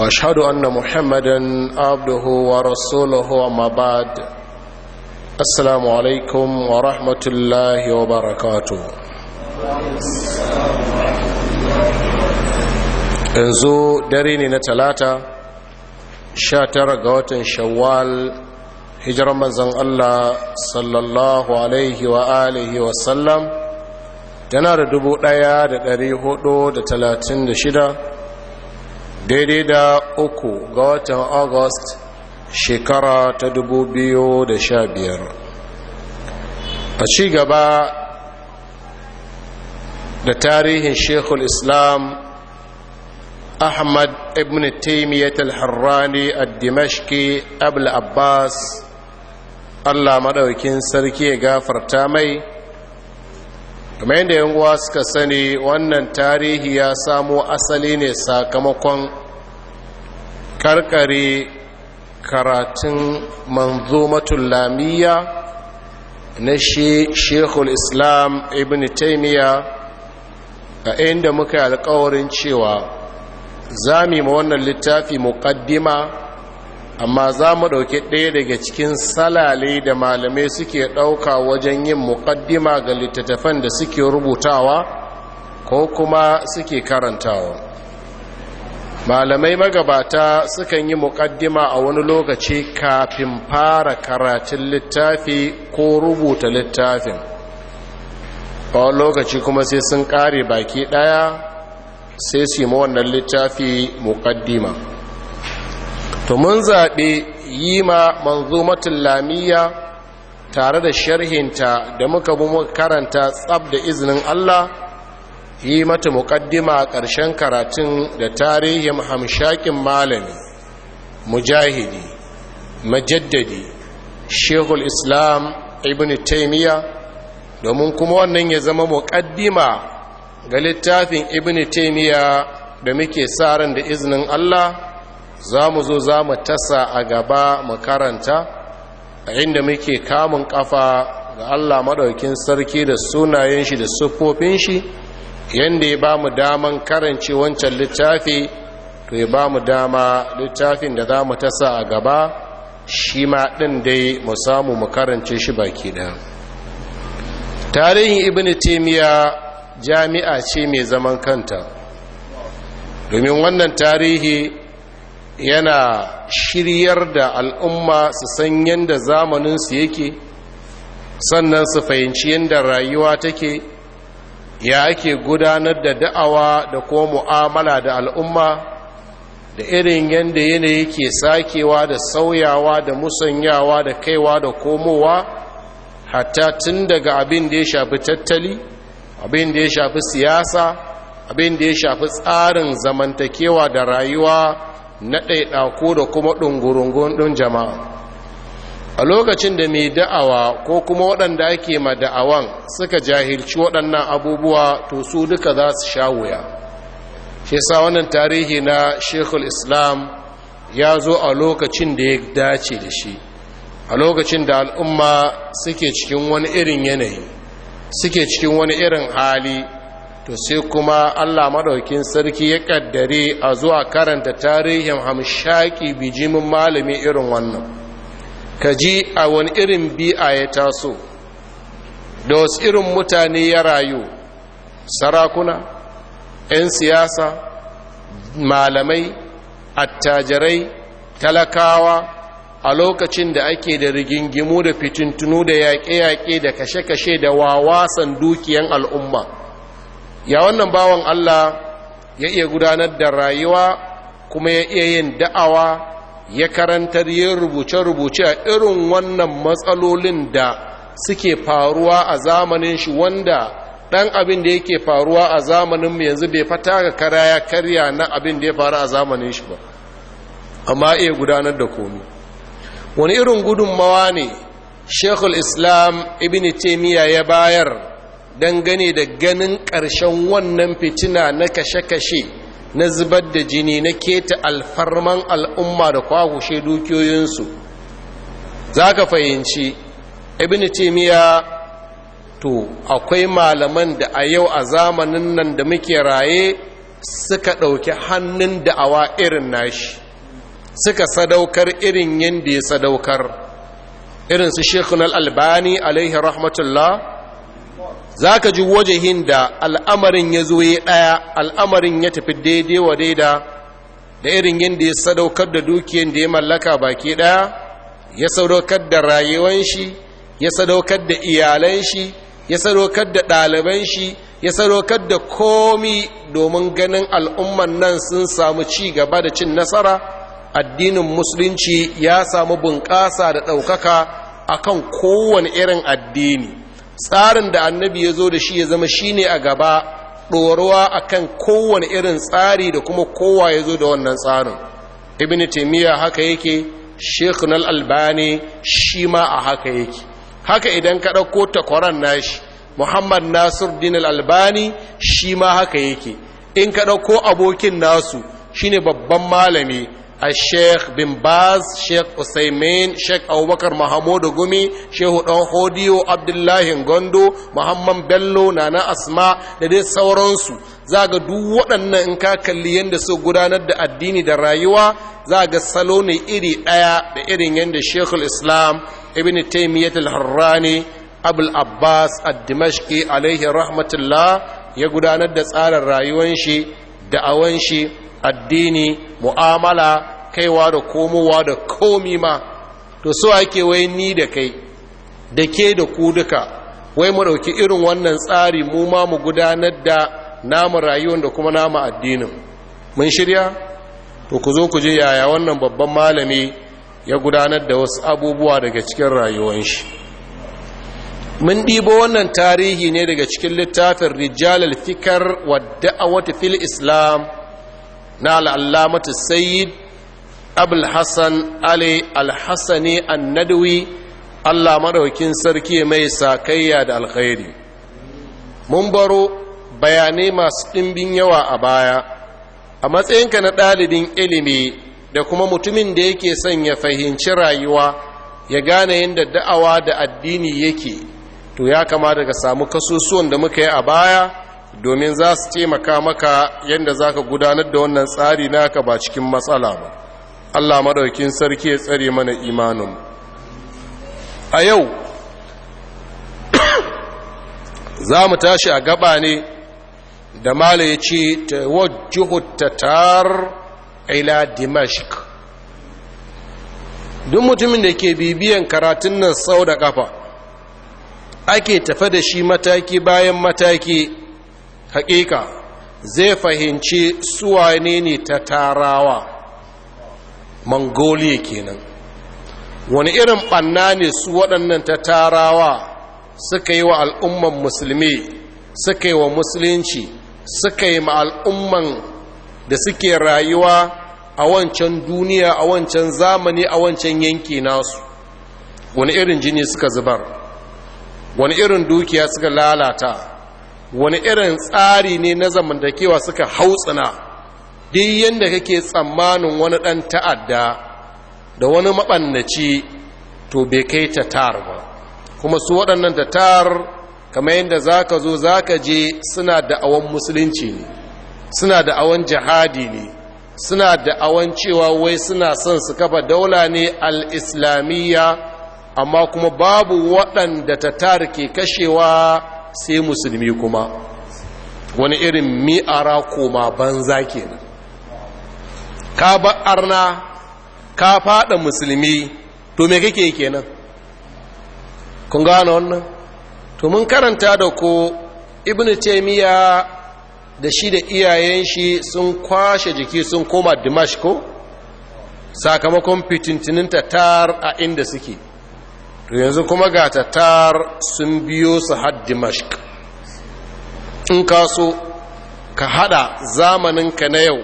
واشهد ان محمدا عبده ورسوله اما بعد السلام عليكم ورحمه الله وبركاته yanzu dare ne na talata sha tara ga watan shawwal hijirar manzan allah sallallahu alaihi wa alihi tana da dubu ɗaya da dari hudu da talatin da shida daidai da uku ga watan august shekara ta dubu biyu da sha biyar a ci gaba da tarihin shekul islam ahmad ibn taimiyyat al-harrani al-dimashki abul abbas allah maɗaukin sarki ya gafarta mai kuma yadda yanguwa suka sani wannan tarihi ya samo asali ne sakamakon karkare karatun manzomatun lamiya na shekul islam ibn taimiyya a inda muka yi alkawarin cewa zami ma wannan littafi muƙaddima amma za mu ɗauki ɗaya daga cikin salale da malamai suke ɗauka wajen yin muƙaddima ga littattafan da suke rubutawa ko kuma suke karantawa malamai magabata sukan yi muƙaddima a wani lokaci kafin fara karatun littafi ko rubuta littafin a wani lokaci kuma sai sun ƙare baki ɗaya sai su yi wannan littafi muƙaddima to mun zaɓe yi ma manzumatin lamiya tare da sharhinta da muka bi muka karanta tsab da izinin Allah yi mata muƙaddima a ƙarshen karatun da tarihin hamshakin malami mujahidi majaddadi shehul islam ibn taimiyya domin kuma wannan ya zama muƙaddima ga littafin ibn taimiyya da muke sa ran da izinin Allah za mu zo za mu tasa a gaba mu karanta a inda muke kamun kafa ga Allah maɗaukin sarki da sunayen shi da siffofin shi yadda ya ba mu daman karance wancan littafi to ya ba mu dama littafin da za mu tasa a gaba shi ma ɗin dai mu samu mu karance shi baki ɗaya tarihin ibn taimiyya jami'a ce mai zaman kanta domin wannan tarihi yana shiryar da al'umma su san yadda zamaninsu yake sannan su fahimci yadda rayuwa take ya ake gudanar da da'awa da ko mu'amala da al'umma da irin yadda yanayi ke sakewa da sauyawa da musanyawa da kaiwa da komowa hatta tun daga abin da ya shafi tattali abin da ya shafi siyasa abin da ya shafi tsarin zamantakewa da rayuwa na ɗaiɗako da kuma ɗungurungun ɗin jama'a a lokacin da mai da'awa ko kuma waɗanda ake ma da'awan suka jahilci waɗannan abubuwa to su duka za su sha wuya shi sa wannan tarihi na shekul islam ya zo a lokacin da ya dace da shi a lokacin da al'umma suke cikin wani irin yanayi suke cikin wani irin hali to sai kuma Allah maɗaukin sarki ya kaddare a zuwa karanta tarihin hamshaki bijimin malami irin wannan Ka ji a wani irin bi'a ya taso da wasu irin mutane ya rayu sarakuna 'yan siyasa malamai attajirai talakawa a lokacin da ake da rigingimu da fitintunu da yaƙe-yaƙe da kashe-kashe da wawasan dukiyan al'umma ya wannan bawan Allah ya iya gudanar da rayuwa kuma ya iya yin da'awa ya karantar yin rubuce-rubuce a irin wannan matsalolin da suke faruwa a zamanin shi wanda ɗan abin da yake faruwa a zamanin yanzu bai fata ga kara ya karya na abin da ya faru a zamanin shi ba amma iya gudanar da komi wani irin gudunmawa ne shekul islam ibn taimiyya ya bayar dangane da ganin ƙarshen wannan fitina na kashe-kashe na zubar da jini na keta alfarman al'umma da kwaushe dukiyoyinsu za ka fahimci ibn Timiya to akwai malaman da a yau a zamanin nan da muke raye suka ɗauki hannun da'awa irin nashi suka sadaukar irin yadda ya sadaukar irin su shekunan Albani alaihi rahmatullah za ka ji wajahin da al'amarin ya zo ya ɗaya al'amarin ya tafi daidai wa daida da irin yadda ya sadaukar da dukiyar da ya mallaka baki ɗaya ya sadaukar da rayuwan shi ya sadaukar da iyalan shi ya sadaukar da ɗaliban shi ya sadaukar da komi domin ganin al'umman nan sun samu ci gaba da cin nasara addinin musulunci ya samu bunƙasa da ɗaukaka akan kowane irin addini tsarin da annabi ya zo da shi ya zama shi ne a gaba a kan kowane irin tsari da kuma kowa ya zo da wannan tsarin ibn taimiyya haka yake sheikh nal albani shi ma a haka yake haka idan ka ɗauko takwaran nashi muhammad nasir din albani shi ma haka yake in ka ɗauko abokin nasu shine babban malami a sheikh bin Bas sheikh usaimin sheikh abubakar mahamudu gumi shehu ɗan hodiyo abdullahi gondo muhammad bello na asma da dai sauransu za ga duk waɗannan in ka kalli yadda su gudanar da addini da rayuwa za ga salo ne iri ɗaya da irin yadda shekul islam ibn taimiyyat al-harrani abul abbas ad-dimashqi alaihi rahmatullah ya gudanar da tsarin rayuwan shi da'awan shi addini mu'amala kaiwa da komowa da komi ma to so ake wai ni da kai da ke da ku duka wai mu ɗauki irin wannan tsari mu ma mu gudanar da namu rayuwar da kuma namu addinin mun shirya to ku zo ku je yaya wannan babban malami ya gudanar da wasu abubuwa daga cikin rayuwar shi mun ɗibo wannan tarihi ne daga cikin littafin rijalal fikar wa da'awati fil islam na al'allamatu sayyid abul hassan ali alhassani annadawi allah maɗaukin sarki mai sakayya da alkhairi mun baro bayanai masu ɗimbin yawa a baya a matsayinka na ɗalibin ilimi da kuma mutumin da yake son ya fahimci rayuwa ya gane yadda da'awa da addini yake to ya kama ka samu kasusuwan da muka yi a baya domin za su taimaka maka yadda za ka gudanar da wannan tsari naka ba cikin matsala ba allah maɗaukin sarki ya tsare mana imanin a yau za mu tashi a gaba ne da mala ya ce tawajjuhu ila dimashik duk mutumin da ke bibiyan karatun nan sau da kafa ake tafe da shi mataki bayan mataki hakika zai fahimci suwane ne ta tarawa mongolia kenan wani irin ɓanna ne su waɗannan ta tarawa suka yi wa al'umman musulmi suka yi wa musulunci suka yi ma al'umman da suke rayuwa a wancan duniya a wancan zamani a wancan yanki nasu wani irin jini suka zubar wani irin dukiya suka lalata wani irin tsari ne na zamantakewa suka hautsina duk yadda kake tsammanin wani ɗan ta'adda da wani maɓannaci to bai kai tatar ba kuma su waɗannan tatar kamar yadda za ka zo za ka je suna da awon musulunci ne suna da awon jihadi ne suna da awon cewa wai suna son su kafa daula ne al-islamiyya amma kuma babu waɗanda tatar ke kashewa sai musulmi kuma wani irin mi'ara koma banza kenan ka ba'arna ka fada musulmi to me kake kenan kun gane wannan to mun karanta da ko ibnu taymiya da shi da iyayen shi sun kwashe jiki sun koma dimashko sakamakon fitintinin tatar a inda suke to yanzu kuma ga tatar sun biyo su had dimashq in ka so ka hada zamaninka na yau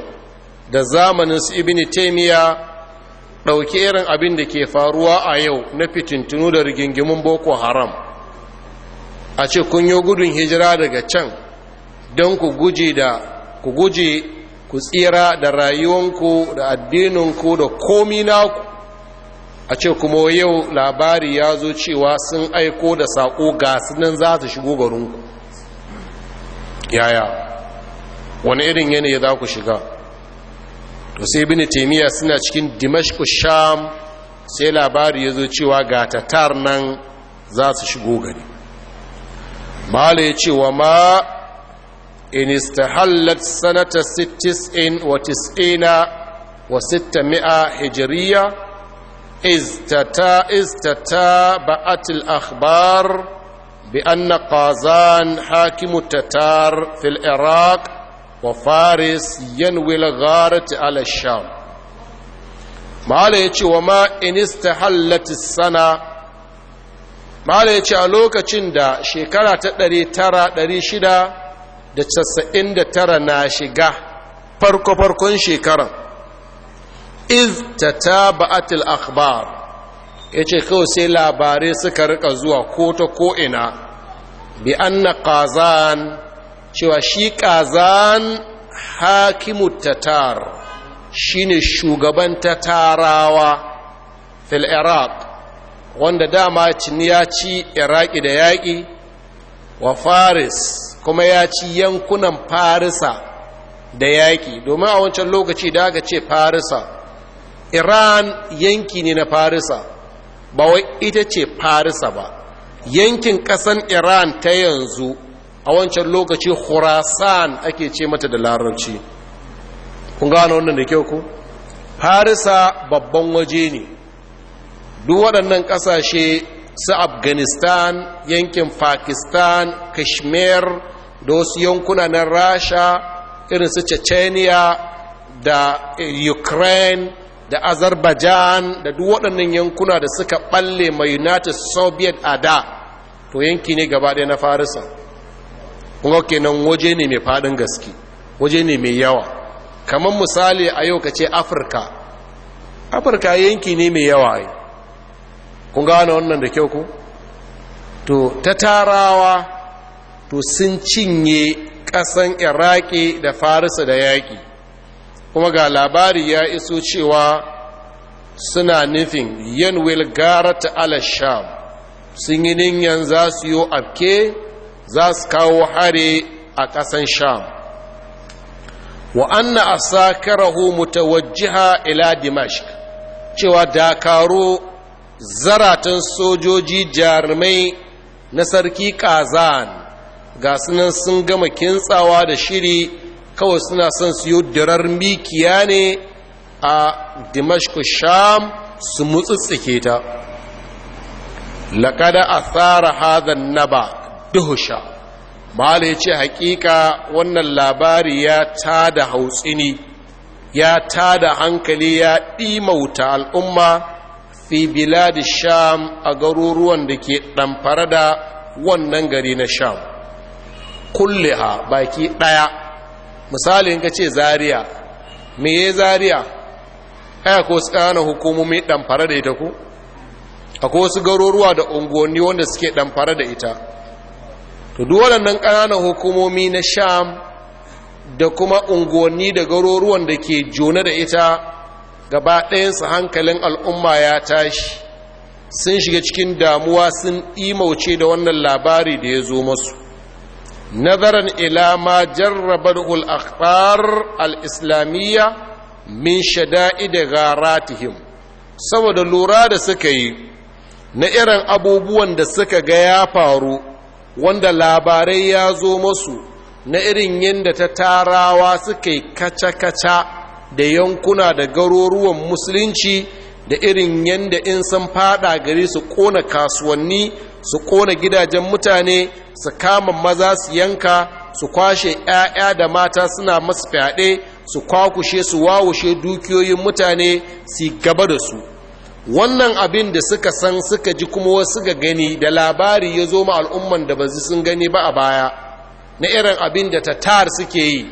da zamanin su ibini taimiya ɗauki irin abin da ke faruwa a yau na fitintunu da rigingimin boko haram a ce kun yi gudun hijira daga can don ku guje da ku guje ku tsira da rayuwanku da addininku da komi naku a ce kuma yau labari ya zo cewa sun aiko da saƙo ga nan za su shigo garinku yaya wani irin yanayi za ku shiga to sai bin taimiyya suna cikin dimashku sham sai labari ya zo cewa ga tatar nan za su shigo gari mahala ya ce wa ma in istahallat sanata in wa 90 wa 600 hijiriya استتا استتابعت الأخبار بأن قازان حاكم التتار في العراق وفارس ينوي الغارة على الشام ما وما إن استحلت السنة mala ya ce a lokacin da shekara ta 900 da 99 na shiga farko-farkon shekaran iz tataba'at akhbar yace kawai sai labarai suka rika zuwa ko ta ko ina bi anna qazan cewa shi qazan hakimu tatar shine shugaban tatarawa fil iraq wanda dama ya ci iraki da yaƙi wa faris kuma ya ci yankunan farisa da yaƙi domin a wancan lokaci da aka ce farisa iran yanki ne na farisa ba wai ita ce farisa ba yankin kasan iran ta yanzu a wancan lokaci khurasan ake ce mata da larabci kun gano wannan da kyau ku farisa babban waje ne duk waɗannan ƙasashe su afghanistan yankin pakistan kashmir da wasu yankuna na rasha irin su chechenia da ukraine da azerbaijan da duk waɗannan yankuna da suka ɓalle mai united soviet a da to yanki ne gaba ɗaya na farisa kuma kenan waje ne mai faɗin gaske waje ne mai yawa kamar misali a yau ka ce afirka afirka yanki ne mai yawa yi kun gane wannan da kyau ku to ta tarawa to sun cinye ƙasan iraki da farisa da yaƙi kuma ga labari ya iso cewa suna nufin yanwil garata ala alasham sun yi ninyan za su yi afke za su kawo hare a ƙasan sham wa anna ta mutawajjiha ila dimash cewa dakaro zaratan sojoji jarumai na sarki kazan ga sunan sun gama kintsawa da shiri kawai suna son su yi dirar mikiya ne a dimashku sham su mutsutsuke ta laƙada a tsara hadan naba duhusha mala ya ce hakika wannan labari ya ta da hautsini ya ta da hankali ya ɗimauta al'umma fi biladi sham a garuruwan da ke ɗamfara da wannan gari na sham kulle ha baki ɗaya misali in ka ce Zariya, me ya Zariya? aya ko su ƙananan hukumomi fara da ita ku akwai wasu garuruwa da unguwanni wanda suke fara da ita to duk waɗannan ƙananan hukumomi na sham da kuma unguwanni da garuruwan da ke jona da ita gaba ɗayansu hankalin al'umma ya tashi sun shiga cikin damuwa sun imauce da wannan labari da ya zo masu nazaran ila ma jarrabar al-akhbar al-islamiyya min shada'id gharatihim saboda lura da suka yi na irin abubuwan da suka ga ya faru wanda labarai ya zo masu na irin yadda ta tarawa suka yi kaca-kaca da yankuna da garuruwan musulunci da irin yadda in sun fada gari su kona kasuwanni su kona gidajen mutane su kama maza su yanka su kwashe 'ya'ya da mata suna masu fyaɗe su kwakushe su wawushe dukiyoyin mutane su gaba da su wannan abin da suka san suka ji kuma wasu ga gani da labari ya zo ma al'umman da ba sun gani ba a baya na irin abin da tatar suke yi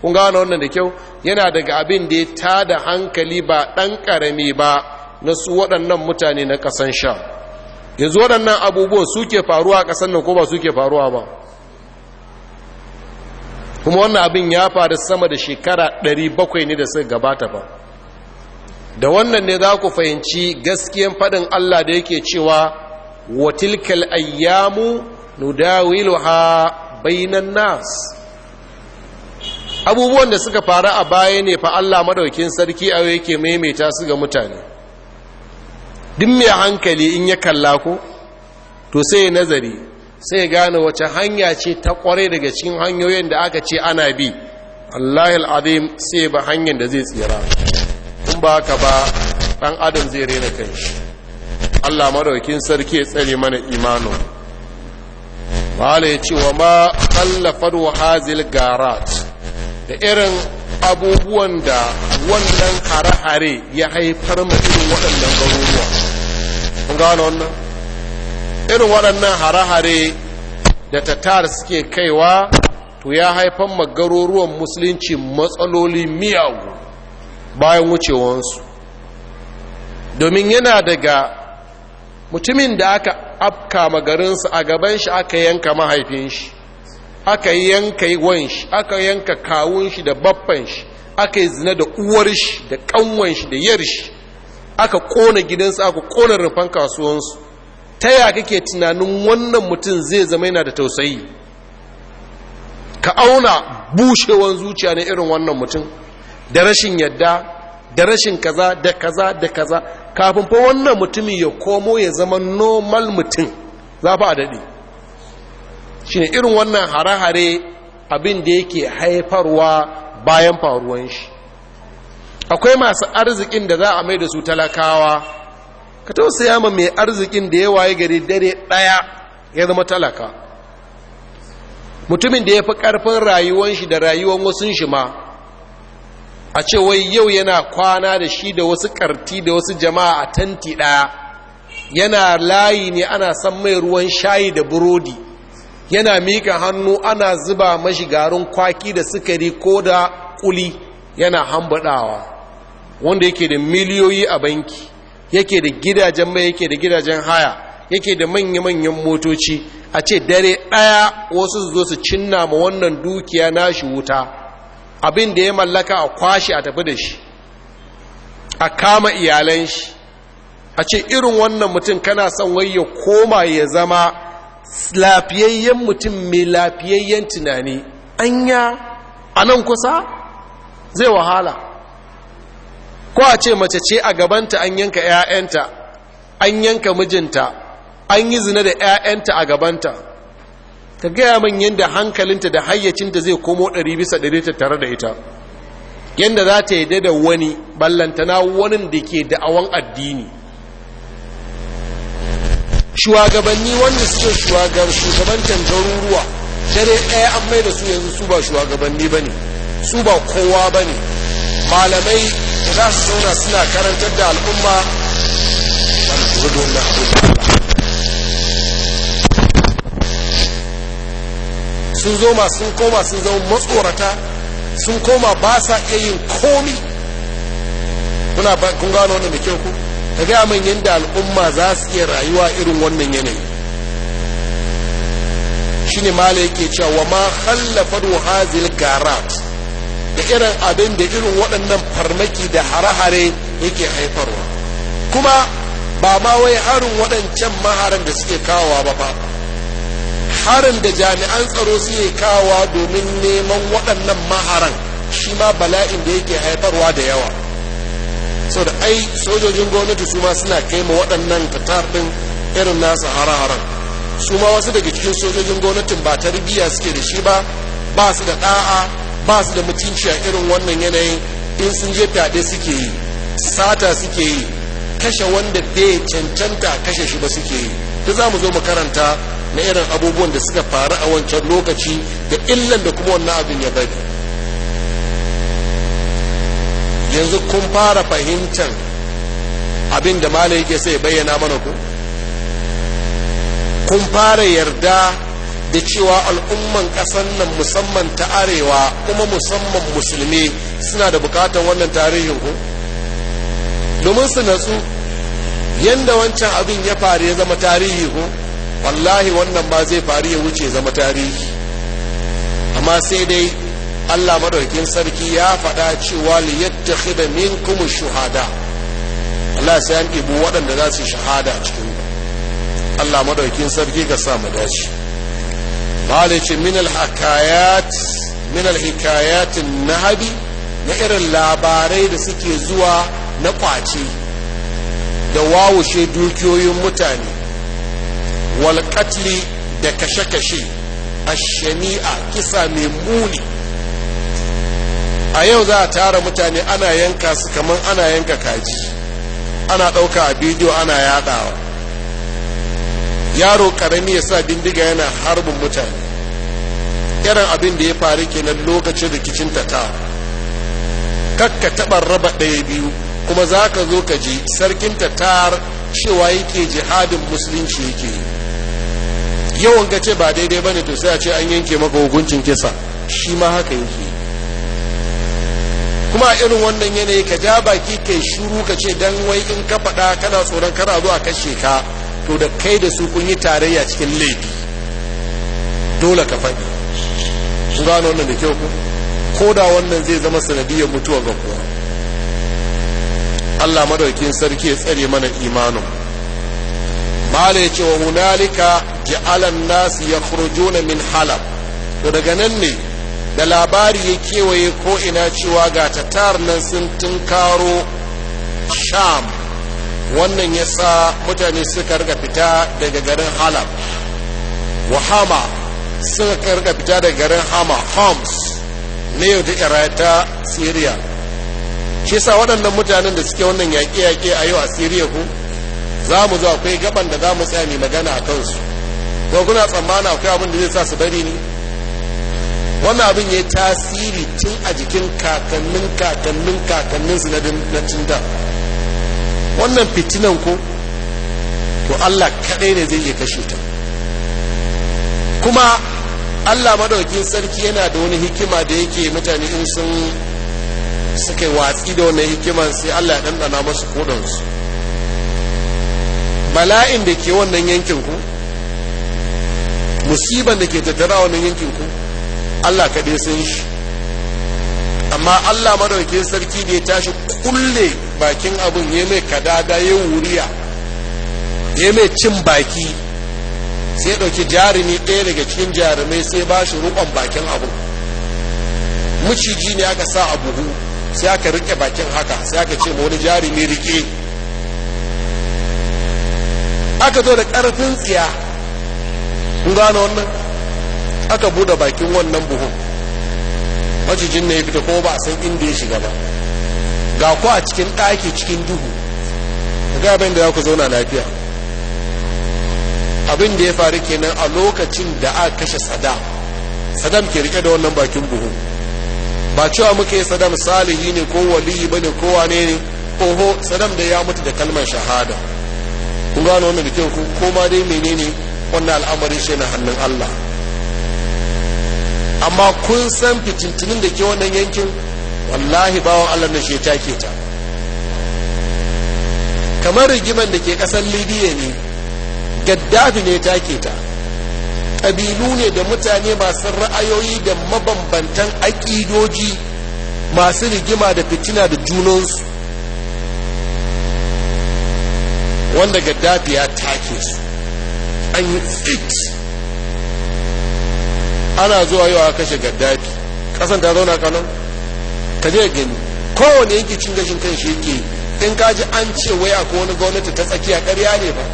kun gane wannan da kyau yana daga abin da ya da hankali ba ɗan ƙarami ba na su waɗannan mutane na ƙasan sha. yanzu waɗannan abubuwan suke faruwa a ƙasar nan ko ba suke faruwa ba kuma wannan abin ya faru sama da shekara 700 ne da suka gabata ba da wannan ne za ku fahimci gaskiyan faɗin Allah da yake cewa watilkal ayyamu nudawilu ha bainan nas abubuwan da suka faru a baya ne fa Allah madaukin sarki a yake maimaita su ga mutane duk mai hankali in ya kalla ko to sai ya nazari sai ya gane wace hanya ce ta kware daga cikin hanyoyin da aka ce ana bi allahil azim sai ba hanyar da zai tsira in ba haka ba dan adam zai rena kai allah maraukin sarki ya tsare mana imanu mala ya ce wa ma kallafar wa garat da irin abubuwan da wannan hare-hare ya haifar mutum waɗannan garuruwa gano wannan irin waɗannan hare-hare da tatar suke kaiwa to ya haifan magaruruwan musulunci matsaloli miyagu bayan wucewansu domin yana daga mutumin da aka afka magarinsa a gaban shi aka yanka mahaifin shi aka yanka wan shi aka yanka kawun shi da baffan shi aka yi zina da uwar shi da kanwan shi da yar shi aka kona gidansu aka kona rufan kasuwansu ta ya kake tunanin wannan mutum zai zama yana da tausayi ka auna bushewan zuciya na irin wannan mutum da rashin yadda da rashin kaza da kaza da kaza kafin fa wannan mutumin ya komo ya zama normal mutum za fa a daɗe shi ne irin wannan hare-hare abin da yake haifarwa bayan faruwan shi akwai masu arzikin da za a mai da su talakawa ka tausaya ma mai arzikin da ya waye gari dare ɗaya ya zama talaka mutumin da ya fi ƙarfin rayuwan shi da rayuwan wasu shi ma a ce wai yau yana kwana da shi da wasu ƙarti da wasu jama'a a tanti ɗaya yana layi ne ana san mai ruwan shayi da burodi yana miƙa hannu ana zuba mashi garin kwaki da sukari ko da ƙuli. yana hambaɗawa wanda yake da miliyoyi a banki yake da gidajen mai yake da gidajen haya yake da manya-manyan motoci a ce dare ɗaya wasu su zo su cinna ma wannan dukiya na shi wuta abin da ya mallaka a kwashe a tafi da shi a kama iyalan shi a ce irin wannan mutum kana son wai ya koma ya zama lafiyayyen mutum mai lafiyayyen tunani anya a nan kusa zai wahala ko a ce mace ce a gabanta an yanka 'ya'yanta an yanka mijinta an yi zina da 'ya'yanta a gabanta ka gaya min yadda hankalinta da hayyacinta zai komo 100 bisa 100 tare da ita yadda za ta yi da wani ballantana wani da ke da'awan addini shugabanni wanda suke shugabantan garuruwa dare ɗaya an mai da su yanzu su ba shugabanni ba ne su ba kowa ba ne malamai da za su zauna suna karantar da al'umma gudun na sun zo ma sun koma sun zama matsorata sun koma ba sa iya yin komi kuna kun gano wannan da kyau ku ka gaya man yadda al'umma za su iya rayuwa irin wannan yanayi shine ne yake cewa wa ma khallafat hazil garat da irin abin da irin waɗannan farmaki da hare-hare yake haifarwa kuma ba ma wai harin waɗancan maharan da suke kawowa ba ba harin da jami'an tsaro suke kawowa domin neman waɗannan maharan shi ma bala'in da yake haifarwa da yawa sau da ai sojojin gwamnati su ma suna kai ma waɗannan tatar ɗin irin nasa hare-haren su ma wasu daga cikin sojojin gwamnatin ba tarbiyya suke da shi ba ba su da ɗa'a ba su da mutunci a irin wannan yanayin in sun je fyaɗe suke yi sata suke yi kashe wanda bai cancanta kashe shi ba suke yi ta za mu zo mu karanta na irin abubuwan da suka faru a wancan lokaci da illan da kuma wannan abin ya bari yanzu kun fara fahimtar abin da malai yake sai bayyana mana ku kun fara yarda da cewa al'umman ƙasar nan musamman ta arewa kuma musamman musulmi suna da bukatar wannan tarihin ku domin su natsu yadda wancan abin ya faru ya zama tarihi ku wallahi wannan ba zai faru ya wuce zama tarihi amma sai dai allah madaukin sarki ya faɗa cewa min kuma shuhada allah sai an ɗibo waɗanda za su shahada a cikin Allah madaukin sarki ga sa mu dace malai ce min alhakayat min alhikayatin nahabi na irin labarai da suke zuwa na kwace da wawushe dukiyoyin mutane walƙatli da kashe-kashe a shani'a kisa mai muni a yau za a tara mutane ana yanka su kamar ana yanka kaji ana ɗauka a bidiyo ana yaɗawa yaro karami ya sa bindiga yana harbin mutane irin abin da ya faru kenan lokacin rikicin ta ta kakka taɓar raba ɗaya biyu kuma za ka zo ka ji sarkin ta tar cewa yake jihadin musulunci yake yawan ka ce ba daidai ba ne to sai a ce an yanke maka hukuncin kisa shi ma haka yake kuma irin wannan yanayi ka ja baki kai shuru ka ce dan wai in ka faɗa kana tsoron kana zo a kashe ka to da kai da su kun yi tarayya cikin laifi dole ka faɗi kun gano wannan da kyau ku ko da wannan zai zama sanadiyar mutuwa ga kuwa Allah madaukin sarki ya tsare mana imanin mala ya ce wa hunalika ja'alan nasu ya furjuna min halab to daga nan ne da labari ya kewaye ko ina cewa ga tatar nan sun tunkaro sham wannan ya sa mutane suka rika fita daga garin halab wa hama suka rika fita daga garin hama homs na yau da irata syria shi sa waɗannan mutanen da suke wannan yaƙe-yaƙe a yau a syria ku za mu zo akwai gaban da za mu tsaya mai magana a kansu ko kuna tsammana akwai abin da zai sa su bari ne wannan abin ya yi tasiri tun a jikin kakannin kakannin kakannin kakanninsu na tun wannan fitinan ko to Allah kaɗai ne zai iya kashe ta kuma Allah madaukin sarki yana da wani hikima da yake mutane in sun suka watsi da wani hikiman sai Allah ya ɗanɗana masu kodansu bala'in da ke wannan yankin ku musiban da ke tattara wannan yankin ku Allah kaɗai san shi amma Allah madaukin sarki da ya tashi kulle bakin abin ya mai kadada ya wuriya ya mai cin baki sai ya ɗauki jarumi ɗaya daga cikin jarumai sai ba shi rukon bakin abin muciji ne aka sa a buhu sai aka rike bakin haka sai aka ce ma wani jarumi rike aka zo da ƙarfin tsiya kun gane wannan aka bude bakin wannan buhun macijin ne ya fita ko ba a san inda ya shiga ba ga ku a cikin ɗaki cikin duhu ga abin da ya ku zauna lafiya abin da ya faru kenan a lokacin da aka kashe sada sadam ke rike da wannan bakin buhu ba cewa muka yi saddam salihi ne ko waliyi bane ko wane ne oho sadam da ya mutu da kalmar shahada kun gano wannan da ku ko ma dai menene wannan al'amarin shi na hannun allah amma kun san fitintunin da ke wannan yankin wallahi bawan allah na shi ke ta kamar rigiman da ke kasar libya ne gaddafi ne ta ke ta ƙabilu ne da mutane masu ra'ayoyi da mabambantan aƙidoji masu rigima da fitina da junansu wanda gaddafi ya take su an yi ana zuwa yau a kashe gaddafi ƙasan ta zauna kanan? ka je gani kowane yake cin gashin kan shi yake in ka ji an ce wai akwai wani gwamnati ta tsakiya karya ne ba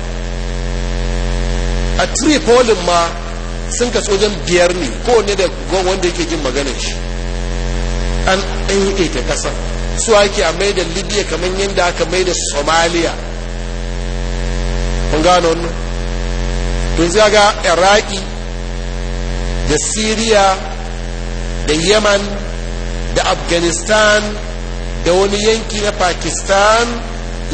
a tripolin ma sun ka wajen biyar ne kowane da wanda yake jin maganar shi an ɗanyi ta ƙasar su ake a mai da libya kamar yadda aka mai da somaliya kun gano wannan to sai ga iraki da syria da yaman da afghanistan da wani yanki na pakistan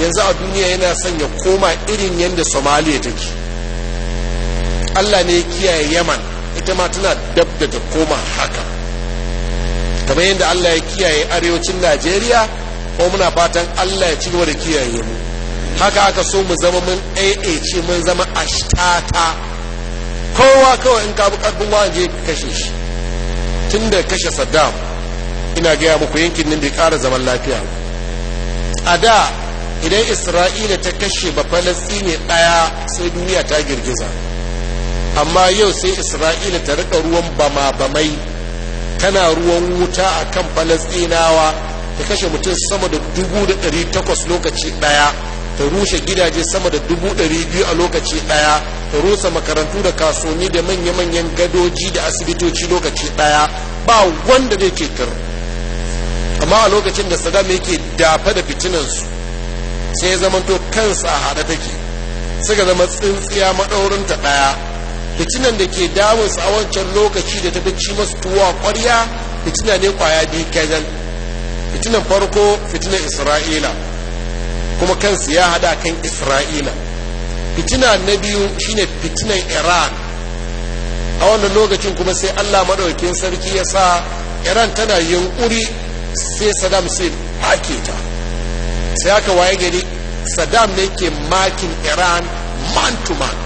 yanzu a duniya yana sanya koma irin yadda somaliya take allah ne ya kiyaye yaman ita ma tana dab da ta koma haka kamar yadda allah ya kiyaye arewacin najeriya ko muna fatan allah ya ci gaba da kiyaye mu haka aka so mu zama mun ce mun zama ashtata kowa kawai in ka bi karfin wajen kashe shi tun da kashe saddam ina gaya muku yankin nan bai kara zaman lafiya a da idan isra'ila ta kashe ba falastini ɗaya sai duniya ta girgiza amma yau sai isra'ila ta rika ruwan bama-bamai tana ruwan wuta a kan falastinawa ta kashe mutum sama da dubu da ɗari takwas lokaci ɗaya ta rushe gidaje sama da dubu ɗari biyu a lokaci ɗaya ta rusa makarantu da kasuwanni da manya-manyan gadoji da asibitoci lokaci ɗaya ba wanda zai ke karu. amma a lokacin da saddam yake dafa da fitinansu sai ya to kansa a hada take suka zama tsintsiya maɗaurinta ɗaya fitinan da ke damunsu a wancan lokaci da ta ci masu tuwa ƙwarya fitina ne ƙwaya biyu kajal fitinan farko fitinan isra'ila kuma kansu ya haɗa kan isra'ila fitina na biyu shine fitinan iran a wannan lokacin kuma sai allah maɗaukin sarki ya sa iran tana yunƙuri sai saddam sai hake ta sai aka waye gari saddam ne ke makin iran man to man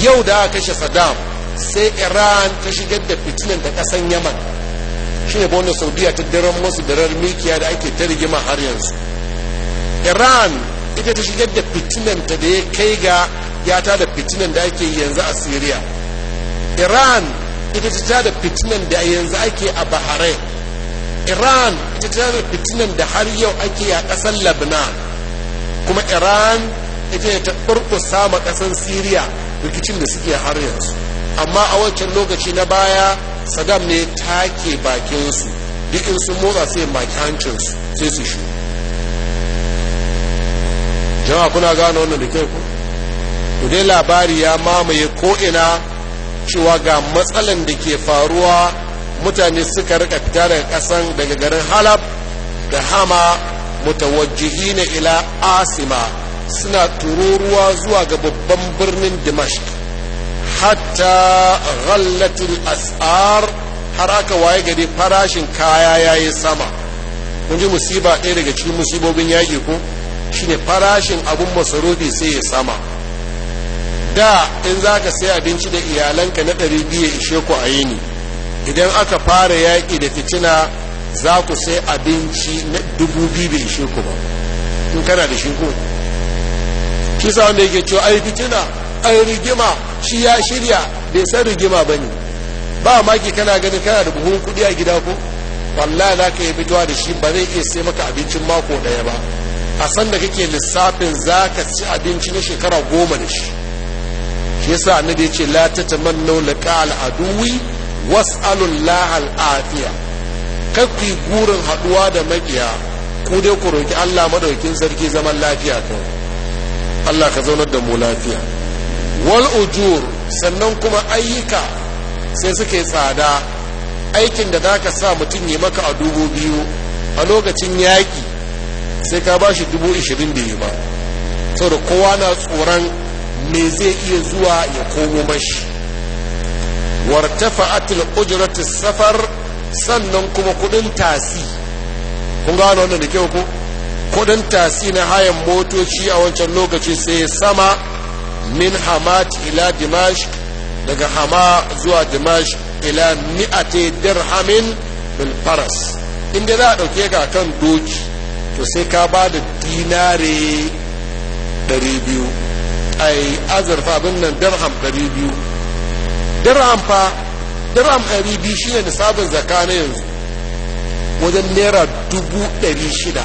yau da aka kashe saddam sai iran ta shigar da fitilin da kasan yaman shi ne bono saudiya ta daren musu daren mikiya da ake ta rigima har yanzu iran ita ta shigar da fitilin ta da ya kai ga ya ta da fitilin da ake yanzu a syria iran ita ta ta da fitilin da yanzu ake a bahrain iran ita ta fitinan da har yau ake a ƙasar labna kuma iran ita ne ta ɓurkusa ma ƙasar syria rikicin da suke har yanzu amma a wancan lokaci na baya saddam ne take bakinsu duk in sun motsa sai maki hancinsu sai su shi jama'a kuna gano wannan da kyau to dai labari ya mamaye ko'ina cewa ga matsalan da ke faruwa mutane suka rika fita daga kasan daga garin halab da hama mutawajjihi na ila asima suna tururuwa zuwa ga babban birnin dimashq hatta ghallatul as'ar har aka waye gari farashin kaya yayi sama kun ji musiba ɗaya daga cikin musibobin yaƙi ko shine farashin abun masarufi sai ya sama da in za ka sai abinci da iyalanka na ɗari biyu ya ishe ku a yini idan aka fara yaƙi da fitina za ku sai abinci na dubu biyu bai ishe ku ba in kana da shi kisa wanda yake cewa ai fitina ai rigima shi ya shirya bai san rigima ba ne ba maki kana ganin kana da buhun kuɗi a gida ko wallahi za ka yi fitowa da shi ba zai iya sai maka abincin mako ɗaya ba a san da kake lissafin za ka ci abinci na shekara goma da shi shi yasa annabi ya ce la tatamannu liqa al aduwi was'alun kar afiya kakki gurin haduwa da makiya ku dai ku roki Allah madaukin sarki zaman lafiya kawai Allah ka zaunar da mu lafiya wal ujur sannan kuma ayyuka sai suke tsada aikin da zaka sa mutum ya maka a dubu biyu a lokacin yaƙi sai ka ba shi dubu ishirin da yi ba saboda kowa na tsoron me zai iya zuwa ya komo mashi wartafa'atil ujratis safar sannan kuma kudin tasi kun gano wannan da kyau ko kudin tasi na hayan motoci a wancan lokaci sai sama min hamat ila dimash daga hama zuwa dimash ila mi'ate dirhamin bil faras inda za a ɗauke ka kan doki to sai ka ba da dinare biyu ai azurfa abin nan dirham biyu. dirham fa dirham 200 biyu shine nisabin zaka na yanzu wajen naira dubu shida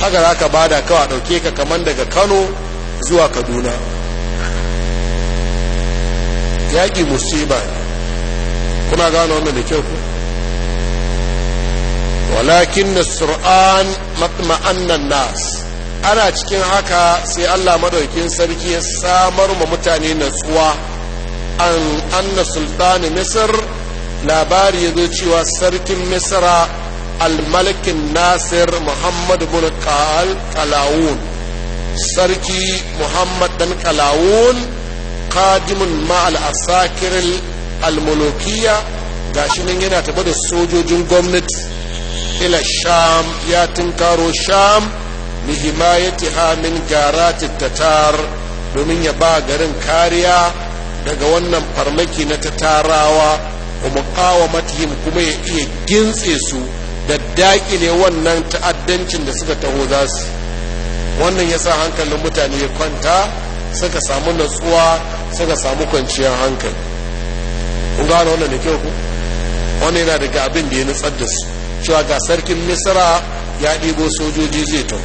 haka za ka bada kawa dauke ka kaman daga kano zuwa kaduna yaƙi musiba ne kuna gane wannan da kyau ku walakin na sur'an matma'annan nas ana cikin haka sai allah madaukin sarki ya samar ma mutane natsuwa an anna sultani misir labari ya zo cewa sarkin misra almalikin nasir muhammad bin kalawun sarki muhammad dan kalawun kadimun ma'al asakirin almulukiya gashi nan yana taɓa da sojojin gwamnati ila sham ya tunkaro sham lihimayatiha hamin garatit tatar domin ya ba garin kariya daga wannan farmaki na ta tarawa wa muqawamatihim kuma ya iya gintse su da dakile wannan ta'addancin da suka taho za su wannan ya sa hankalin mutane ya kwanta suka samu natsuwa suka samu kwanciyar hankali kun gano wannan da kyau ku wannan yana daga abin da ya nutsar da su cewa ga sarkin misra ya ɗigo sojoji zai taho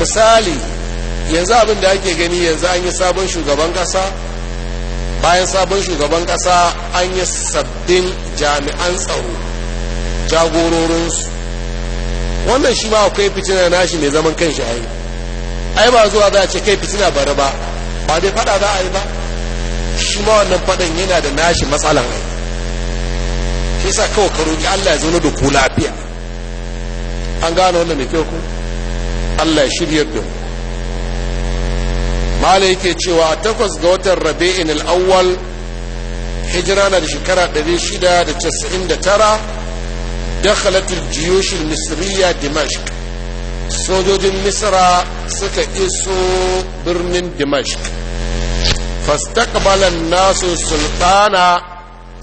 misali yanzu abin da ake gani yanzu an yi sabon shugaban kasa bayan sabon shugaban kasa an yi sabbin jami'an tsaro jagororinsu wannan shi ma akwai fitina nashi mai zaman shi ai ai ba zuwa za a ce kai fitina bari ba ba dai fada za a yi ba shi ma wannan fadan yana da nashi matsalan ai shi sa kawai ka roƙi Allah ya zo da ku lafiya an gano wannan da kyau ku Allah ya shiryar da mu mala yake cewa takwas ga watan rabi'in al'awwal hijira na da shekara 699 da jiyush al-misriya dimashq sojojin misra suka iso birnin dimashq fastaqbalan nasu sultana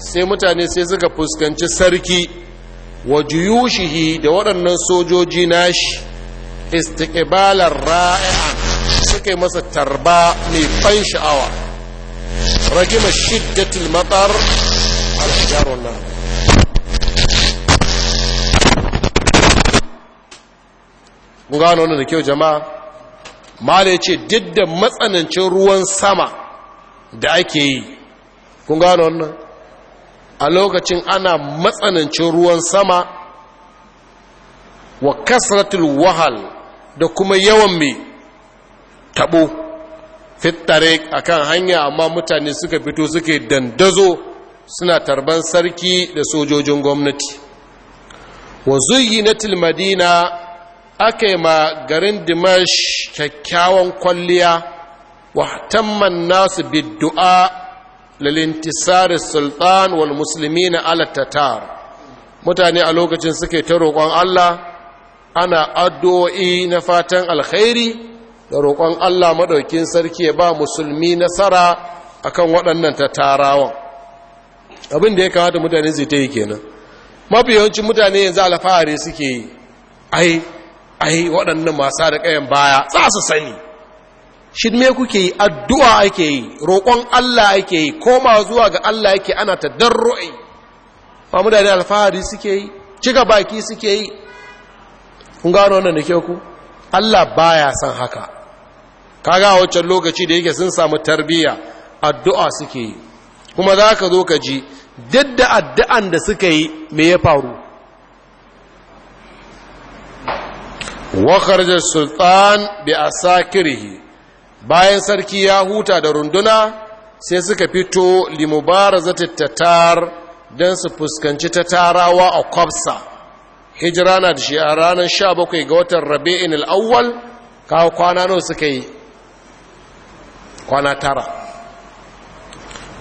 sai mutane sai suka fuskanci sarki wa juyushihi da waɗannan sojoji nashi istikbalar raa suka yi masa tarba mai ban sha'awa ragima shiddatul matar al-hijarun nan mun gano wannan da kyau jama'a mala yace duk da matsanancin ruwan sama da ake yi kun gano wannan a lokacin ana matsanancin ruwan sama wa kasratul wahal da kuma yawan mai tabo fitare kan hanya amma mutane suka fito suke dandazo suna tarban sarki da sojojin gwamnati wa na madina aka ma garin dimash kyakkyawan kwalliya wa tamman nasu biddu'a lalintisari sultan wal musulmi na alattatar mutane a lokacin suke ta roƙon allah ana addu'o'i na fatan alkhairi da roƙon Allah madaukin sarki ya ba musulmi nasara akan waɗannan tatarawa abin da ya kamata mutane zai ta yi kenan mafi yawancin mutane yanzu alfahari suke yi ai ai waɗannan masu da ƙayan baya za su sani me kuke yi addu'a ake yi roƙon Allah ake yi koma zuwa ga Allah yake ana ta darro'i ba mutane alfahari suke yi cika baki suke yi kun gano wannan da kyau ku Allah baya son haka kaga a wancan lokaci da yake sun samu tarbiyya addu'a suke yi kuma za ka zo ka ji duk da addu'an da suka yi me ya faru wakar da sultan bi a bayan sarki ya huta da runduna sai suka fito limubara zata tattatar don su fuskanci ta tarawa a kwabsa hijira na da shi a ranar 17 ga watan rabi'in al'awwal kawo kwana nawa suka yi kwana tara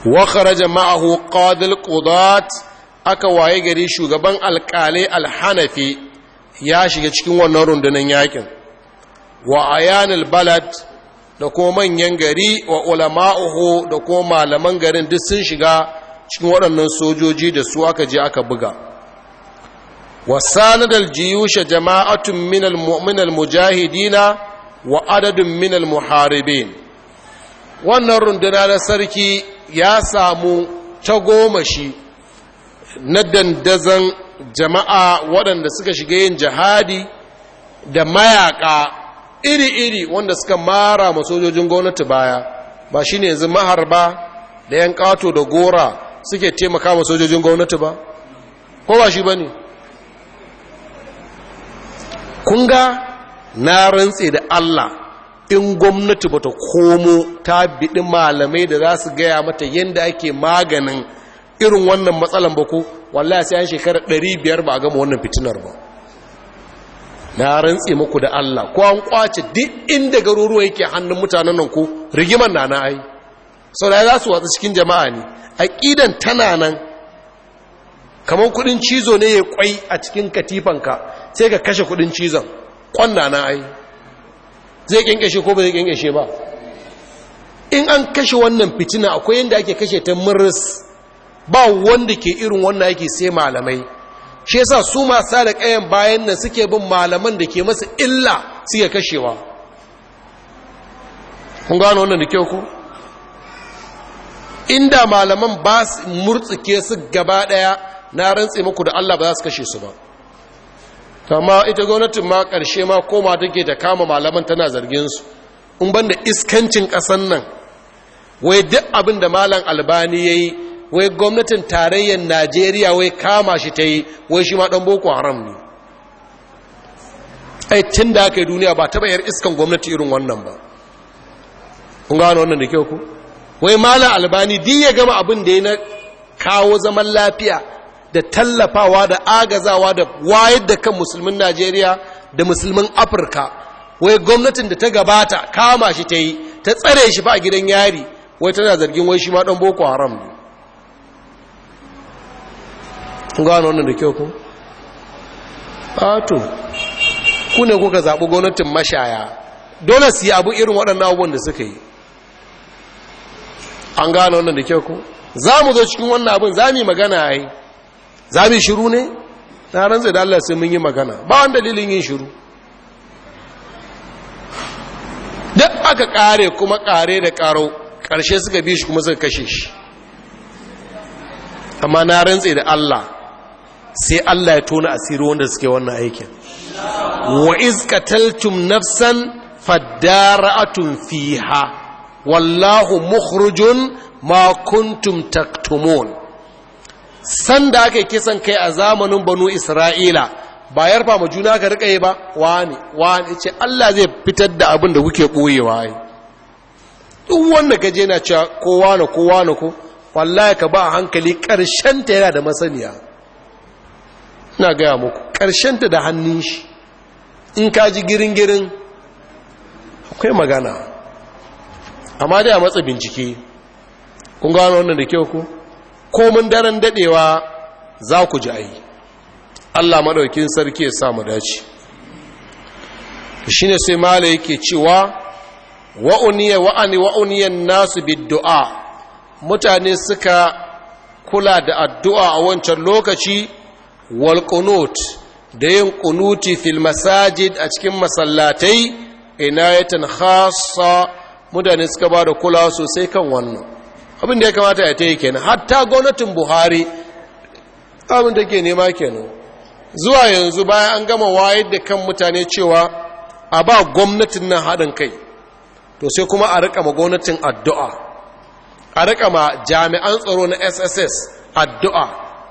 wa kharaja ma'ahu qadil qudat aka waye gari shugaban alƙalai alhanafi ya shiga cikin wannan rundunar yakin wa ayanil balad da kuma manyan gari wa ulama'uhu da kuma malaman garin duk sun shiga cikin waɗannan sojoji da su aka je aka buga wasanid aljiyusha jama'atun minal mu'minal mujahidina wa adadun minal muharibin wannan runduna na sarki ya samu ta goma shi na dandazan jama'a waɗanda suka shiga yin jihadi da mayaka iri-iri wanda suka mara ma sojojin gwamnati baya ba shi ne yanzu maharba da yan ƙato da gora suke taimaka masojojin sojojin gwamnati ba ko ba shi ba ne kunga na rantse da allah in gwamnati bata komo ta biɗi malamai da za su gaya mata yadda ake maganin irin wannan matsalan ba ko wallahi sai an shekara 500 ba a gama wannan fitinar ba na rantse muku da Allah ko an kwace duk inda garuruwa yake hannun mutanen nan ko rigiman na na ai sau da za su watsa cikin jama'a ne aƙidan tana nan kamar kudin cizo ne ya kwai a cikin katifanka sai ka kashe kudin cizon kwanna na ai zai kyankyashe ko ba zai kyankyashe ba in an kashe wannan fitina akwai yadda ake kashe ta murris ba wanda ke irin wannan yake sai malamai shi yasa su masu da kayan bayan nan suke bin malaman da ke masa illa suke kashewa kun gano wannan da kyau ku inda malaman ba su murtsuke su gaba daya na rantse maku da Allah ba za su kashe su ba kama ita gwamnatin ma ƙarshe ma koma take ta kama malaman tana zargin su in banda iskancin ƙasan nan wai duk abin da malam albani ya yi wai gwamnatin tarayyar najeriya wai kama shi ta yi wai shi ma ɗan boko haram ne ai tun da aka yi duniya ba taɓa yar iskan gwamnati irin wannan ba kun gano wannan da kyau ku wai malam albani din ya gama abin da ya na kawo zaman lafiya da tallafawa da agazawa da wayar da kan musulmin najeriya da musulmin afirka wai gwamnatin da ta gabata kama shi ta yi ta tsare shi ba a gidan yari wai tana zargin wai shi ma ɗan boko haram ne gano wannan da kyau ku? ato ku ne kuka zaɓi gwamnatin mashaya dole su yi abu irin waɗannan abubuwan da suka yi an gano wannan da kyau ku? za mu zo cikin wannan abin za mu yi magana ya yi za mu shiru ne na zai da Allah sai mun yi magana ba wani dalilin yin shiru duk aka kare kuma kare da karo karshe suka bi shi kuma suka kashe shi amma na rantse da Allah sai Allah ya tona asiri wanda suke wannan aikin wa taltum nafsan fadara'atun fiha wallahu mukhrujun ma kuntum taktumun sanda aka kisan kai a zamanin banu isra'ila ba ya ma juna ka rika yi ba wani wani ce Allah zai fitar da abin da kuke koyewa yi duk wanda gaje na cewa kowa na kowa na ko wallahi ka ba a hankali ƙarshen ta yana da masaniya ina gaya muku ƙarshen ta da hannun shi in ka ji girin girin akwai magana amma dai a matsa bincike kun gano wannan da kyau ku komin daren dadewa za ku ji ayi Allah madaukin sarki ya sa mu dace shine sai mala yake cewa wa uniya wa nasu biddu'a mutane suka kula da addu'a a wancan lokaci wal qunut da yin Qunuti fil masajid a cikin masallatai inayatan khassa mutane suka ba da kula sosai kan wannan abin da ya kamata ya ta yi kenan hatta gwamnatin buhari abin da ke nema kenan zuwa yanzu baya an gama wayar da kan mutane cewa a ba gwamnatin nan haɗin kai to sai kuma a rika ma gwamnatin addu'a a riƙa ma jami'an tsaro na sss addu'a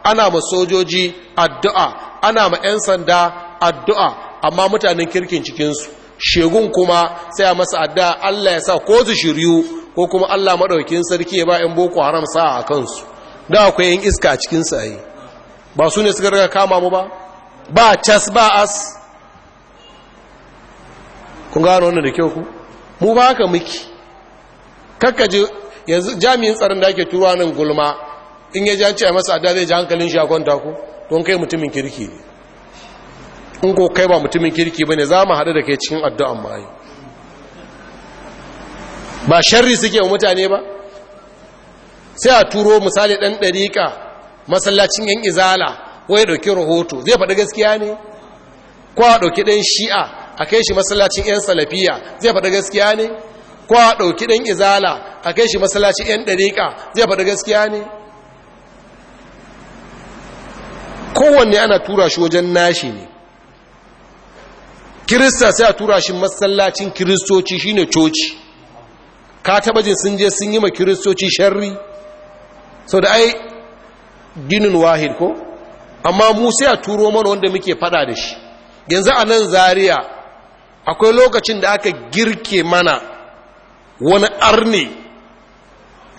ana ma sojoji addu'a ana ma 'yan sanda addu'a amma mutanen kirkin cikinsu shegun kuma sai a masa adda Allah ya sa ko su shiryu ko kuma Allah maɗaukin sarki ya ba 'yan boko haram sa a kansu da akwai yin iska a cikin sa yi ba su ne suka kama mu ba ba cas ba as kun gano wannan da kyau ku mu ba haka miki. kakkaje yanzu jami'in tsarin da ake turuwa nan gulma in ya ji an ce a masa adda zai ji hankalin shi a kwanta ku don kai mutumin kirki ne in ko kai ba mutumin kirki bane za mu haɗu da kai cikin addu'an ma ba sharri suke wa mutane ba sai a turo misali ɗan ɗariƙa masallacin yan izala wai ɗauki rahoto zai faɗi gaskiya ne ko a ɗauki ɗan shi'a a kai shi masallacin yan salafiya zai faɗi gaskiya ne ko a ɗauki ɗan izala a kai shi masallacin yan ɗariƙa zai faɗi gaskiya ne kowanne ana tura shi wajen nashi ne kirista sai a tura shi masallacin kiristoci shine coci ka taba jin sun je sun yi ma kiristoci sharri sau da ai ginin wahid ko amma mu sai a turo mana wanda muke fada da shi yanzu a nan zaria akwai lokacin da aka girke mana wani arne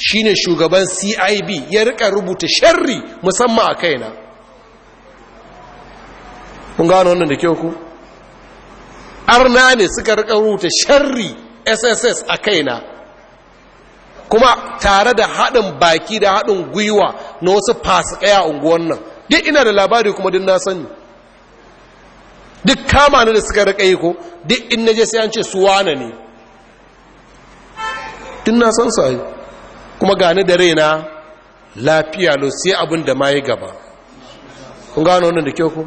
shine shugaban cib ya rika rubuta sharri musamman a kaina kun gano wannan da kyau ku arna ne suka rika rubuta sharri sss a kaina kuma tare da haɗin baki da haɗin gwiwa na wasu fasikai a unguwan nan duk ina da labari kuma duk na sani duk kama ne da suka rika yi ko duk in naje sai an ce su wane ne duk na san sa kuma gani da raina lafiya lo sai abin da ma yi gaba kun gano wannan da kyau ku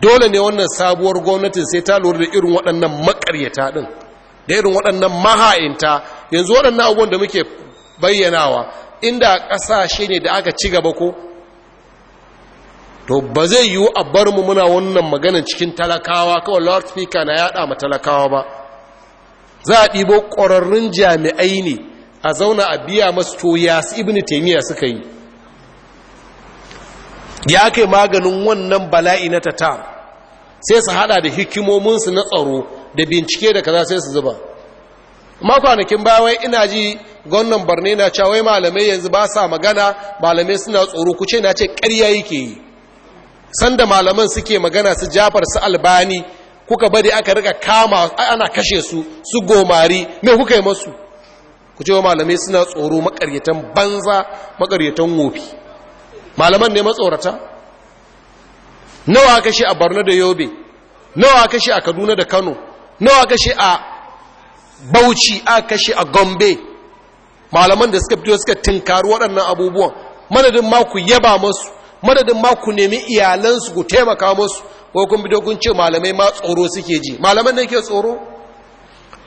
dole ne wannan sabuwar gwamnatin sai ta lura da irin waɗannan makaryata ɗin da irin waɗannan maha'inta yanzu waɗannan abubuwan da muke bayyanawa inda ƙasashe ne da aka ci gaba ko to ba zai yiwu a bar mu muna wannan maganin cikin talakawa kawai speaker na yaɗa ma talakawa ba za a ɗibo ƙwararrun jami'ai ne a zauna a biya masu toya su ibn taimiyya suka yi ya kai maganin wannan bala'i na tatar sai su hada da hikimominsu na tsaro da bincike da kaza sai su zuba ma kwanakin baya ina ji gwamnan barne na cewa wai malamai yanzu ba sa magana malamai suna tsoro ku ce na ce ƙarya yake yi sanda malaman suke magana su jafar su albani kuka bari aka rika kama ana kashe su su gomari me kuka yi masu ku ce wa malamai suna tsoro makaryatan banza makaryatan wofi malaman ne matsorata nawa aka shi a barna da yobe nawa aka shi a kaduna da kano nawa aka shi a bauchi aka shi a gombe malaman da suka fito suka tinkari waɗannan abubuwan madadin ma yaba masu madadin ma nemi iyalansu ku taimaka masu ko kun fito kun ce malamai ma tsoro suke ji malaman da ke tsoro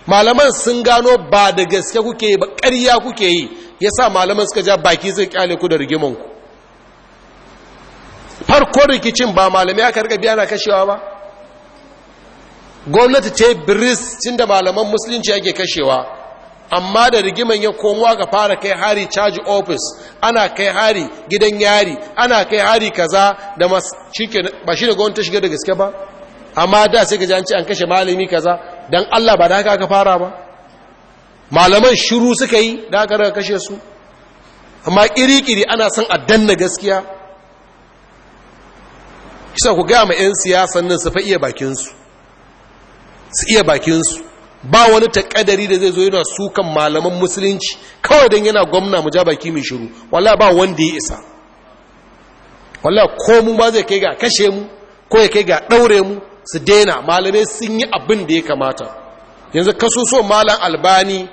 malaman sun gano ba da gaske kuke yi ba ƙarya kuke yi Ya sa malaman suka ja baki zai kyale ku da rigimanku farko rikicin ba malamai aka rika biya na kashewa ba gwamnati ce biris cin da malaman musulunci ake kashewa amma da rigiman ya komowa ga fara kai hari charge office ana kai hari gidan yari ana kai hari kaza da ba shi da gwamnati ta shiga da gaske ba amma da sai ga janci an kashe malami kaza don allah ba da haka aka fara ba malaman shiru suka yi da aka kashe su amma kiri-kiri ana son addan danna gaskiya kisa ku gama ma 'yan siyasan nan su fa iya bakinsu su iya bakinsu ba wani takadari da zai zo yana sukan malaman musulunci kawai don yana gwamna mu ja baki mai shiru wallah ba wanda ya isa wallah ko mu ba zai kai ga kashe mu ko ya kai ga ɗaure mu su daina malamai sun yi abin da ya kamata yanzu so malam albani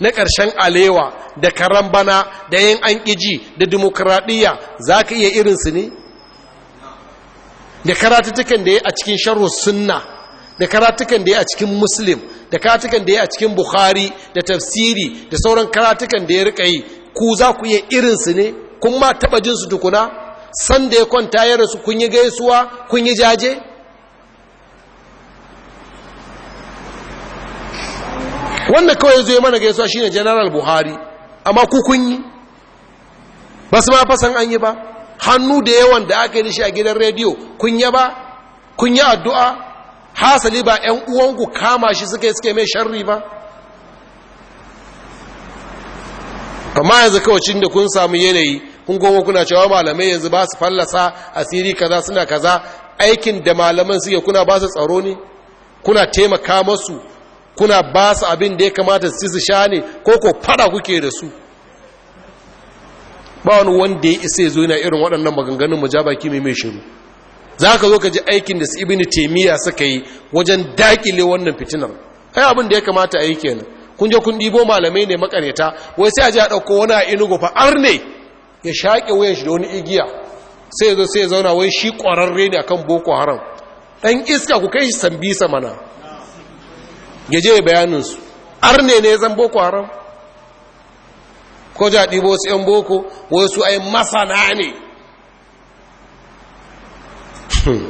na ƙarshen alewa da karambana da yin an ƙiji da dimokuraɗiyya za ka iya irinsu ne da karatutukan da ya a cikin sharhu sunna da karatukan da ya a cikin muslim da karatukan da ya a cikin bukhari da tafsiri da sauran karatukan da ya rika yi ku za ku iya irinsu ne kun ma taɓa jinsu tukuna san da ya kwanta ya rasu kun yi gaisuwa kun yi jaje Wanda kawai zai mana gaisuwa shine general buhari amma ku kun yi ba su ma fasan an yi ba hannu da yawan da aka yi shi a gidan rediyo kun ba kun yi addu'a hasali ba ‘yan uwanku kama shi suka suke mai sharri ba amma yanzu kawacin da kun samu yanayi kun goma kuna cewa malamai yanzu ba su fallasa asiri kaza suna kaza aikin da malaman suke kuna ba su tsaro ne kuna taimaka masu kuna ba su abin da ya kamata su sha ne ko ko fada kuke da su ba wani wanda ya isa zo yana irin waɗannan maganganun mu ja baki mai mai shiru za ka zo ka ji aikin da su ibini taimiyya suka yi wajen dakile wannan fitinar Ai abin da ya kamata a yi kenan kun je kun ɗibo malamai ne makareta wai sai a ji a ɗauko wani a inugu fa ar ya shaƙe wayan shi da wani igiya sai ya zo sai ya zauna wai shi ƙwararre ne akan boko haram ɗan iska ku kai shi sambisa mana ya je su. Arne ne ne zan boko haram ko ja ɗibo wasu 'yan boko wasu ai masana ne hmm.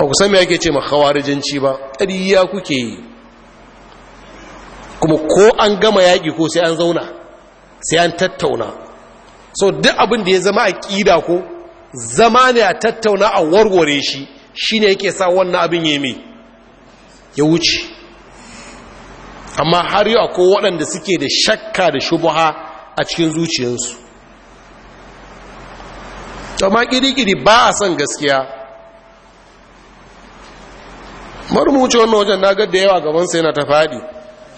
a kusan mai ake ce ma ba ƙariya kuke yi kuma ko an gama yaƙi ko sai an zauna sai an tattauna so duk abin da ya zama a ƙida ko zama ne a tattauna a warware shi shi ne yake sa wannan abin ya mai ya wuce amma har yau akwai waɗanda suke da shakka da shubuha a cikin zuciyarsu amma ƙiri-ƙiri ba a son gaskiya marmuci wannan wajen na da yawa gaban sai yana ta fadi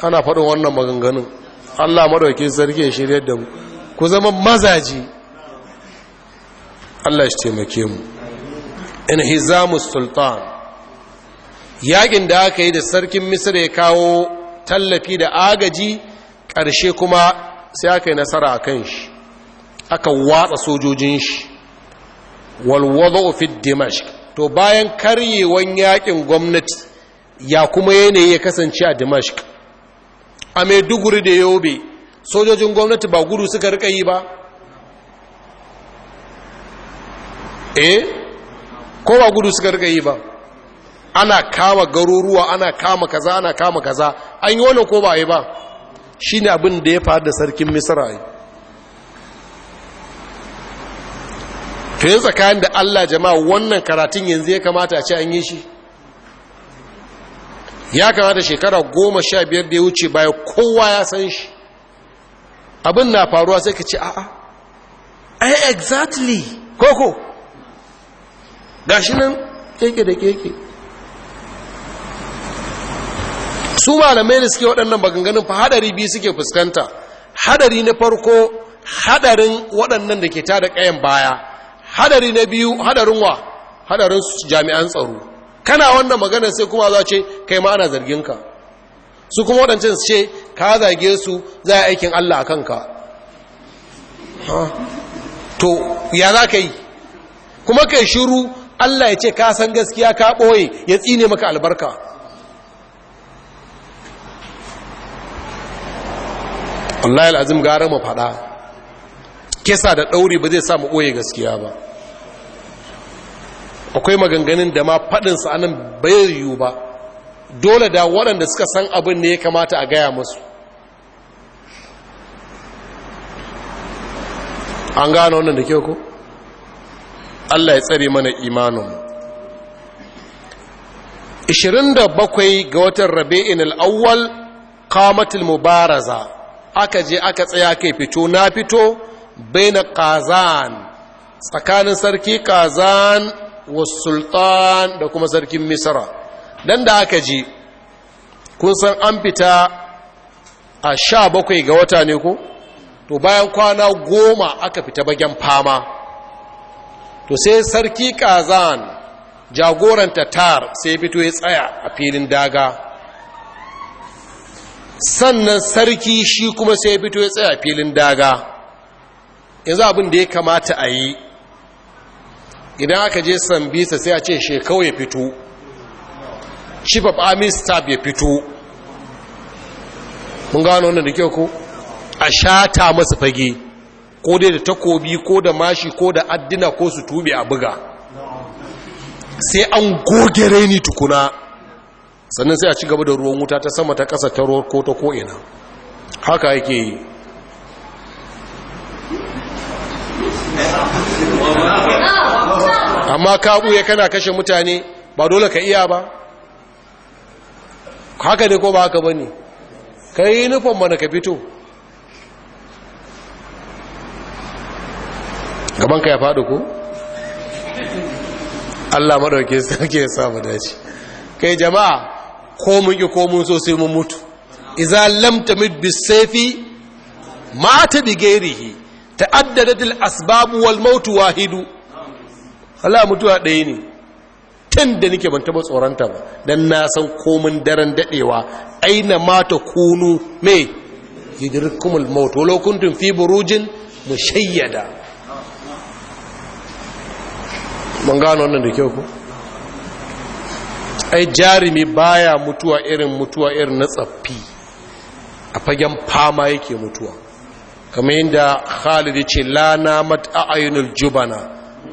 ana faɗin wannan maganganun allah maɗauki sarki ya shirya da mu ku zama mazaji allah shi taimake mu in hizamu sultan yakin da aka yi da sarkin misir ya kawo tallafi da agaji ƙarshe kuma sai aka yi nasara a kan shi aka watsa sojojin shi walwazo ofis Dimash. to bayan karyewan yakin gwamnati ya kuma yanayi ya kasance a Dimash? a maiduguri da yobe sojojin gwamnati ba gudu suka rika yi ba eh ko ba gudu suka rika yi ba ana kama garuruwa ana kama kaza ana kama kaza an yi wani ko ba yi ba Shin abin da ya faru da sarkin misra to yi tsakanin da allah jama'a wannan karatun yanzu ya kamata a ci an yi shi ya kamata shekara goma sha biyar da ya wuce baya kowa ya san shi abin na faruwa sai ka ci a'a ai exactly koko gashi nan keke da keke su malamai da suke waɗannan maganganun fa hadari biyu suke fuskanta haɗari na farko haɗarin waɗannan da ke tada ƙayan baya hadari na biyu hadarin wa hadarin jami'an tsaro kana wannan magana sai kuma za ce kai ma ana zargin ka su kuma waɗancan su ce ka zage su za a aikin Allah a kanka to ya za ka yi kuma kai shiru Allah ya ce ka san gaskiya ka ɓoye ya tsine maka albarka wallahi alazim gara mu faɗa kisa da ɗauri ba zai sa mu ɓoye gaskiya ba akwai maganganun da ma faɗinsa anan bai yiwu ba dole da waɗanda suka san abin ne ya kamata a gaya musu an gano wannan da kyau ko allah ya tsare mana imanin 27 ga watan rabi'in al'awwal kamatul mubaraza aka je aka tsaya kai fito na fito bai na kazan tsakanin sarki kazan wa sultan da kuma sarkin misra Nan da aka je kun san an fita a sha bakwai ga wata ne ko to bayan kwana goma aka fita bagen fama to sai sarki kazan jagoranta tar sai fito ya tsaya a filin daga sannan sarki shi kuma sai fito ya tsaya filin daga yanzu abin da ya kamata a yi idan aka je sambisa sai a ce shekau ya fito chief of army staff ya fito mun gano wannan da kyau ko a shata masu fage ko dai da takobi ko da mashi ko da addina ko su tube a buga sai an goge raini tukuna sannan sai a ci gaba da ruwan wuta ta sama ta ƙasa ta ruwa ko ta ko'ina haka yake yi amma ka ɓuye kana kashe mutane ba dole ka iya ba haka ne ko ba haka ba ne ka yi nufin mana ka fito ka ya faɗi ko? allah maɗauke sarki ya samu dace kai jama'a ko mun ki ko mun so sai mun mutu idza lam tamid bisayfi mata bi ghairihi ta'addadat al asbab wal maut wahidu Allah mutuwa ɗaya ne tun da nake ban taɓa tsoronta ba Dan na san komin daren daɗewa aina mata kunu mai yidrikumul maut walau kuntum fi burujin mushayyada mun gano wannan da kyau ko ai jarumi baya mutuwa irin mutuwa irin na tsaffi a fagen fama yake mutuwa kamar yadda khalid ya ce na mat a'ayunul jubana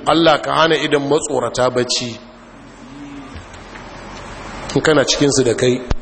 Allah ka hana idan matsorata bacci in kana cikinsu da kai